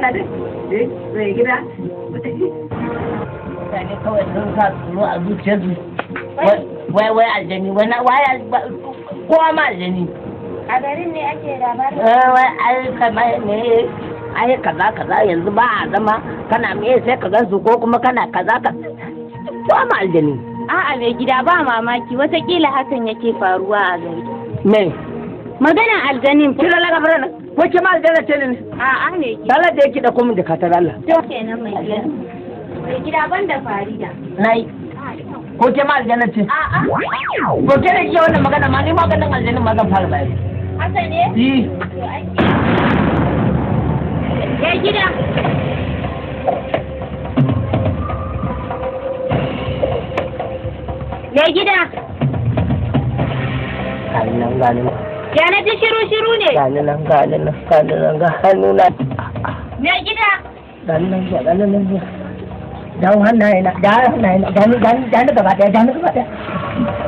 Eh, mai kawai sun sa tsoro a zuciyarsu wai aljani kowa ma aljani a garin ne ake labarin eh, wai ai ne ai kaza kaza yanzu ba a zama kana me sai ka ko kuma kana kaza ka kowa ma aljani mai gida ba mamaki watakila hakan yake faruwa a gari me magana aljanin kira laga barana ko ke ma aljanna ce ne a a ne ki Allah da yake da komai da katar Allah to kenan mai gida mai gida banda farida nai ko ke ma aljanna ce a a ko ke ne ke wannan magana ma ni maganin aljanin ma zan fara bayani haka ne yi ya gida ya gida Kalian ganin Ya na ji shiru shiru ne. Gani nan gani nan gani nan ga hannu na. Me gida? Gani nan ga gani nan ga. Dan hannaye na, dan hannaye na, dan dan da gaba daya, dan gaba daya.